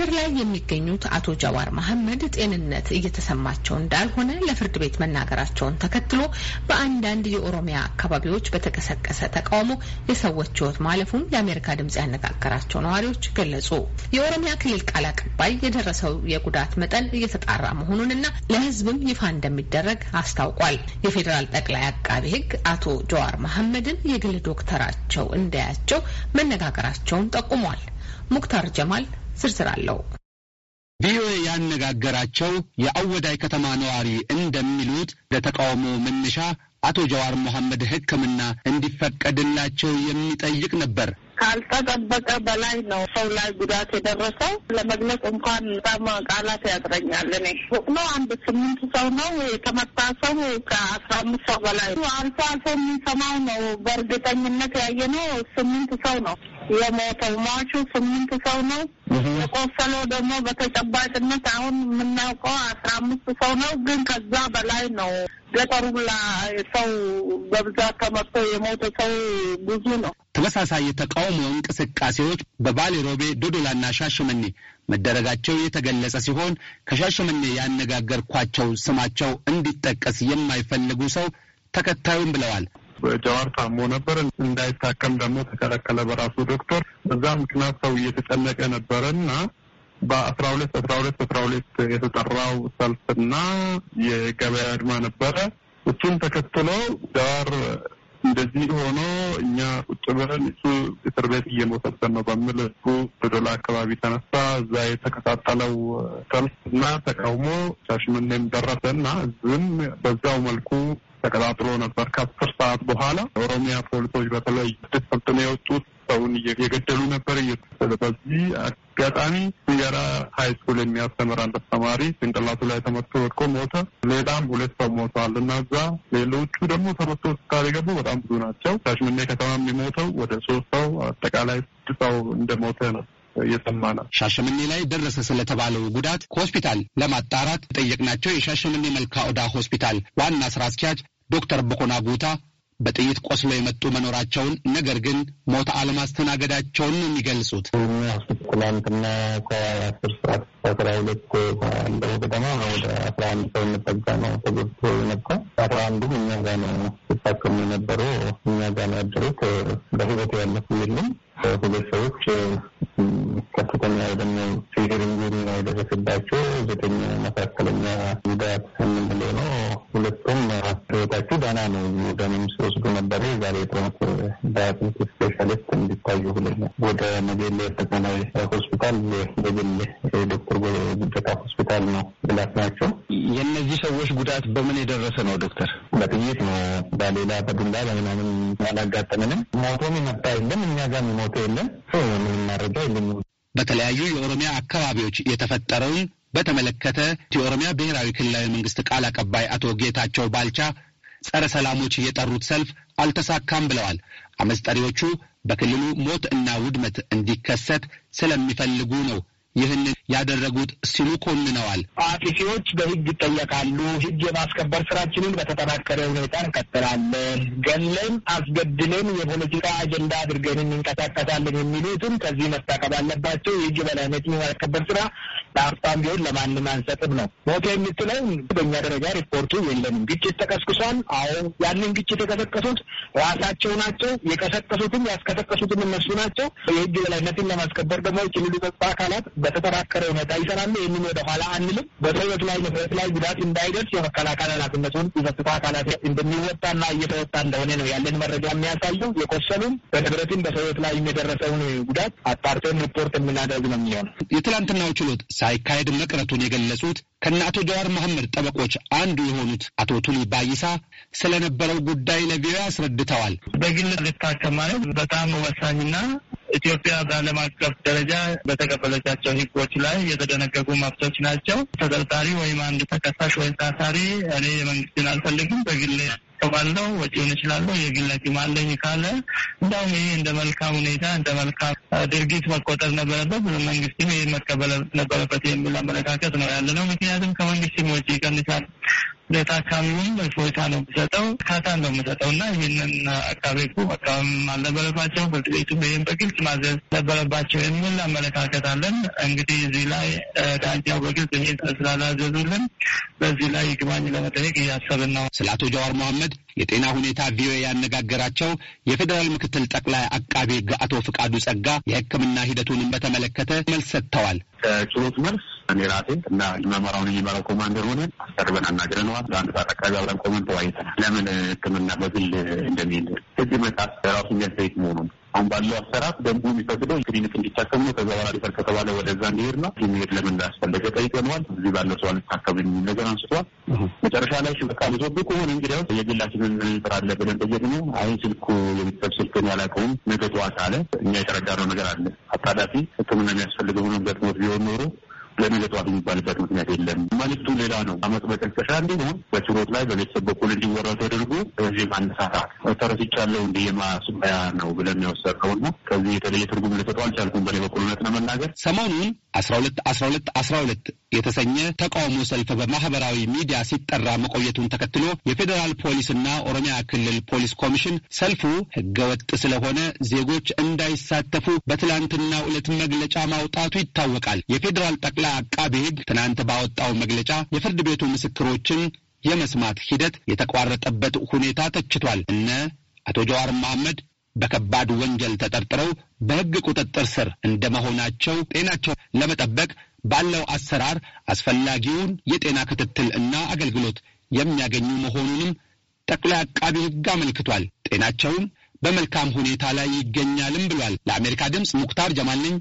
በእስር ላይ የሚገኙት አቶ ጃዋር መሐመድ ጤንነት እየተሰማቸው እንዳልሆነ ለፍርድ ቤት መናገራቸውን ተከትሎ በአንዳንድ የኦሮሚያ አካባቢዎች በተቀሰቀሰ ተቃውሞ የሰዎች ሕይወት ማለፉን የአሜሪካ ድምጽ ያነጋገራቸው ነዋሪዎች ገለጹ። የኦሮሚያ ክልል ቃል አቀባይ የደረሰው የጉዳት መጠን እየተጣራ መሆኑንና ለሕዝብም ይፋ እንደሚደረግ አስታውቋል። የፌዴራል ጠቅላይ አቃቢ ሕግ አቶ ጀዋር መሐመድን የግል ዶክተራቸው እንዳያቸው መነጋገራቸውን ጠቁሟል። ሙክታር ጀማል ዝርዝር አለው። ቪኦኤ ያነጋገራቸው የአወዳይ ከተማ ነዋሪ እንደሚሉት ለተቃውሞ መነሻ አቶ ጀዋር መሐመድ ሕክምና እንዲፈቀድላቸው የሚጠይቅ ነበር። ካልተጠበቀ በላይ ነው ሰው ላይ ጉዳት የደረሰው። ለመግለጽ እንኳን በጣም ቃላት ያጥረኛል። እኔ ሆኖ አንድ ስምንት ሰው ነው የተመታ ሰው ከአስራ አምስት ሰው በላይ አልፎ አልፎ የምንሰማው ነው። በእርግጠኝነት ያየነው ስምንት ሰው ነው። የሞተው ሟቹ ስምንት ሰው ነው። የቆሰለው ደግሞ በተጨባጭነት አሁን የምናውቀው አስራ አምስት ሰው ነው፣ ግን ከዛ በላይ ነው። ገጠሩ ሰው በብዛት ተመርቶ የሞተ ሰው ብዙ ነው። ተመሳሳይ የተቃውሞ እንቅስቃሴዎች በባሌ ሮቤ፣ ዶዶላና ሻሸመኔ መደረጋቸው የተገለጸ ሲሆን ከሻሸመኔ ያነጋገርኳቸው ስማቸው እንዲጠቀስ የማይፈልጉ ሰው ተከታዩም ብለዋል። ጀዋር ታሞ ነበር። እንዳይታከም ደግሞ ተከለከለ በራሱ ዶክተር። በዛ ምክንያት ሰው እየተጨነቀ ነበረ እና በአስራ ሁለት አስራ ሁለት አስራ ሁለት የተጠራው ሰልፍና የገበያ አድማ ነበረ። እሱን ተከትሎ ጀዋር እንደዚህ ሆኖ እኛ ቁጭ ብለን እሱ እስር ቤት እየሞተብን ነው በሚል እሱ በዶላ አካባቢ ተነሳ። እዛ የተከታተለው ሰልፍ እና ተቃውሞ ሻሽመኔም ደረሰ እና ህዝብም በዛው መልኩ ተቀጣጥሎ ነበር። ከአስር ሰዓት በኋላ ኦሮሚያ ፖሊሶች በተለይ ስድስት ሰብትነ የወጡት ሰውን እየገደሉ ነበር። በዚህ አጋጣሚ ሲጋራ ሀይ ስኩል የሚያስተምር አንድ አስተማሪ ጭንቅላቱ ላይ ተመቶ ወድቆ ሞተ። ሌላም ሁለት ሰው ሞተዋል እና እዛ ሌሎቹ ደግሞ ተመቶ ሆስፒታል የገቡ በጣም ብዙ ናቸው። ሻሸመኔ ከተማ የሚሞተው ወደ ሶስት ሰው አጠቃላይ ስድስት ሰው እንደሞተ ነው እየሰማ ነው። ሻሸመኔ ላይ ደረሰ ስለተባለው ጉዳት ከሆስፒታል ለማጣራት ጠየቅናቸው። የሻሸመኔ መልካ ኦዳ ሆስፒታል ዋና ስራ አስኪያጅ ዶክተር ብኮና ጉታ በጥይት ቆስሎ የመጡ መኖራቸውን ነገር ግን ሞት አለማስተናገዳቸውን የሚገልጹት ትናንትና ከአስር ሰዓት አስራ ሁለት ባለው ገደማ ወደ አስራ አንድ ሰው የሚጠጋ ነው ተጎድቶ የመጣው። አስራ አንዱ እኛ ጋ ነው ሲታከሙ የነበሩ እኛ ጋ ነው ያደሩት። በህይወት ያለፉ የለም። ሁለት ሰዎች ከፍተኛ የሆነ ሲቪል ኢንጁሪ ነው የደረሰባቸው። ዘጠኝ መካከለኛ ጉዳት የምንለው ነው። ሁለቱም ህይወታቸው ደህና ነው። ደምም ሲወስዱ ነበረ። ዛሬ ትራንስፈር በአጥንት ስፔሻሊስት እንዲታዩ ሁለኛ ወደ መገሌ አጠቃላይ ሆስፒታል በግል ዶክተር ጉደታ ሆስፒታል ነው ብላት ናቸው። የእነዚህ ሰዎች ጉዳት በምን የደረሰ ነው ዶክተር? በጥይት ነው፣ በሌላ በዱላ በምናምን አላጋጠመንም። ሞቶም የመጣ የለም፣ እኛ ጋር የሚሞተ የለም። ምንም መረጃ የለም። በተለያዩ የኦሮሚያ አካባቢዎች የተፈጠረውን በተመለከተ የኦሮሚያ ብሔራዊ ክልላዊ መንግስት ቃል አቀባይ አቶ ጌታቸው ባልቻ ጸረ ሰላሞች የጠሩት ሰልፍ አልተሳካም ብለዋል። አመስጠሪዎቹ በክልሉ ሞት እና ውድመት እንዲከሰት ስለሚፈልጉ ነው ይህንን ያደረጉት ሲሉ ኮንነዋል። ፓርቲሲዎች በህግ ይጠየቃሉ። ህግ የማስከበር ስራችንን በተጠናከረ ሁኔታ እንቀጥላለን። ገለን አስገድለን የፖለቲካ አጀንዳ አድርገን እንንቀሳቀሳለን የሚሉትም ከዚህ መታቀብ አለባቸው። የህግ በላይነት የማስከበር ስራ ለአፍታም ቢሆን ለማንም አንሰጥም ነው ሞቶ የምትለው በእኛ ደረጃ ሪፖርቱ የለንም። ግጭት ተቀስቅሷል። አዎ ያንን ግጭት የቀሰቀሱት ራሳቸው ናቸው። የቀሰቀሱትም ያስቀሰቀሱትም እነሱ ናቸው። የህግ የበላይነትን ለማስከበር ደግሞ የክልሉ ጸጥታ አካላት በተጠራከረ ሁኔታ ይሰራሉ። ይህንን ወደ ኋላ አንልም። በሰዎች ላይ ንብረት ላይ ጉዳት እንዳይደርስ የመከላከል ኃላፊነቱን የጸጥታ አካላት እንደሚወጣና እየተወጣ እንደሆነ ነው ያለን መረጃ የሚያሳየው። የቆሰሉም በንብረትም በሰዎች ላይ የደረሰውን ጉዳት አጣርተን ሪፖርት የምናደርግ ነው የሚሆነው የትላንትናው ችሎት ሳይካሄድ መቅረቱን የገለጹት ከነ አቶ ጀዋር መሐመድ ጠበቆች አንዱ የሆኑት አቶ ቱሊ ባይሳ ስለነበረው ጉዳይ ለቪኦኤ አስረድተዋል። በግል ልታከም ማለት በጣም ወሳኝና ኢትዮጵያ በዓለም አቀፍ ደረጃ በተቀበለቻቸው ሕጎች ላይ የተደነገጉ መብቶች ናቸው። ተጠርጣሪ ወይም አንድ ተከሳሽ ወይም ታሳሪ እኔ የመንግስትን አልፈልግም በግል ያስቀባለው ወጪውን እችላለሁ የግል ሐኪም አለኝ ካለ እንዲሁም ይህ እንደ መልካም ሁኔታ እንደ መልካም ድርጊት መቆጠር ነበረበት፣ መንግስትም ይህ መቀበል ነበረበት የሚል አመለካከት ነው ያለ ነው። ምክንያቱም ከመንግስትም ወጪ ይቀንሳል ለታካሚውም እፎይታ ነው የምሰጠው፣ እርካታ ነው የምሰጠው እና ይህንን አካቤቱ መቃወም አልነበረባቸው፣ ፍርድ ቤቱ ይህም በግልጽ ማዘዝ ነበረባቸው የሚል አመለካከታለን። እንግዲህ እዚህ ላይ ዳኛው በግልጽ ይህን ስላላዘዙልን በዚህ ላይ ይግባኝ ለመጠየቅ እያሰብን ነው። ስለ አቶ ጀዋር መሐመድ የጤና ሁኔታ ቪኦኤ ያነጋገራቸው የፌዴራል ምክትል ጠቅላይ አቃቤ ሕግ አቶ ፍቃዱ ጸጋ የሕክምና ሂደቱንም በተመለከተ መልስ ሰጥተዋል። ከችሎት መልስ እኔ ራሴ እና መመራውን የሚመራው ኮማንደር ሆነን አስቀርበን አናግረነዋል። በአንድ ሰዓት አካባቢ አብረን ቆመን ተወያይተናል። ለምን ሕክምና በግል እንደሚሄድ እዚህ መጣት ራሱ የሚያስጠይቅ መሆኑን አሁን ባለው አሰራር ደንቡ የሚፈቅደው ክሊኒክ እንዲታከም ነው። ከዛ በኋላ ሪፈር ከተባለ ወደዛ እንዲሄድ ነው። የሚሄድ ለምን እንዳስፈለገ ጠይቀነዋል። እዚህ ባለው ሰው አንታከም የሚል ነገር አንስቷል። መጨረሻ ላይ በቃ ልዞብ ከሆነ እንግዲያው የግላችንን ስራ አለ ብለን ጠየቅነው። አይ ስልኩ የቤተሰብ ስልክን ያላቀውም ነገ ጠዋት አለ። እኛ የተረዳነው ነገር አለ አጣዳፊ ህክምና የሚያስፈልገው ሆኖ ገጥሞት ቢሆን ኖሮ ለነገ ጠዋት የሚባልበት ምክንያት የለም። መልዕክቱ ሌላ ነው። አመፅ መቀስቀሻ እንዲሆን በችሎት ላይ በቤተሰብ በኩል እንዲወራ ተደርጎ እዚህ ማነሳሳት ተረስቻለሁ እንዲ የማስመያ ነው ብለን የወሰድነው እና ከዚህ የተለየ ትርጉም ልሰጠው አልቻልኩም። በኔ በኩል እውነት ለመናገር ሰሞኑን አስራ ሁለት አስራ ሁለት አስራ ሁለት የተሰኘ ተቃውሞ ሰልፍ በማህበራዊ ሚዲያ ሲጠራ መቆየቱን ተከትሎ የፌዴራል ፖሊስና ኦሮሚያ ክልል ፖሊስ ኮሚሽን ሰልፉ ህገወጥ ስለሆነ ዜጎች እንዳይሳተፉ በትላንትና ዕለት መግለጫ ማውጣቱ ይታወቃል። የፌዴራል ጠቅላይ አቃቤ ህግ ትናንት ባወጣው መግለጫ የፍርድ ቤቱ ምስክሮችን የመስማት ሂደት የተቋረጠበት ሁኔታ ተችቷል። እነ አቶ ጀዋር መሐመድ በከባድ ወንጀል ተጠርጥረው በህግ ቁጥጥር ስር እንደመሆናቸው ጤናቸው ለመጠበቅ ባለው አሰራር አስፈላጊውን የጤና ክትትል እና አገልግሎት የሚያገኙ መሆኑንም ጠቅላይ አቃቢ ሕግ አመልክቷል። ጤናቸውም በመልካም ሁኔታ ላይ ይገኛልም ብሏል። ለአሜሪካ ድምፅ ሙክታር ጀማል ነኝ።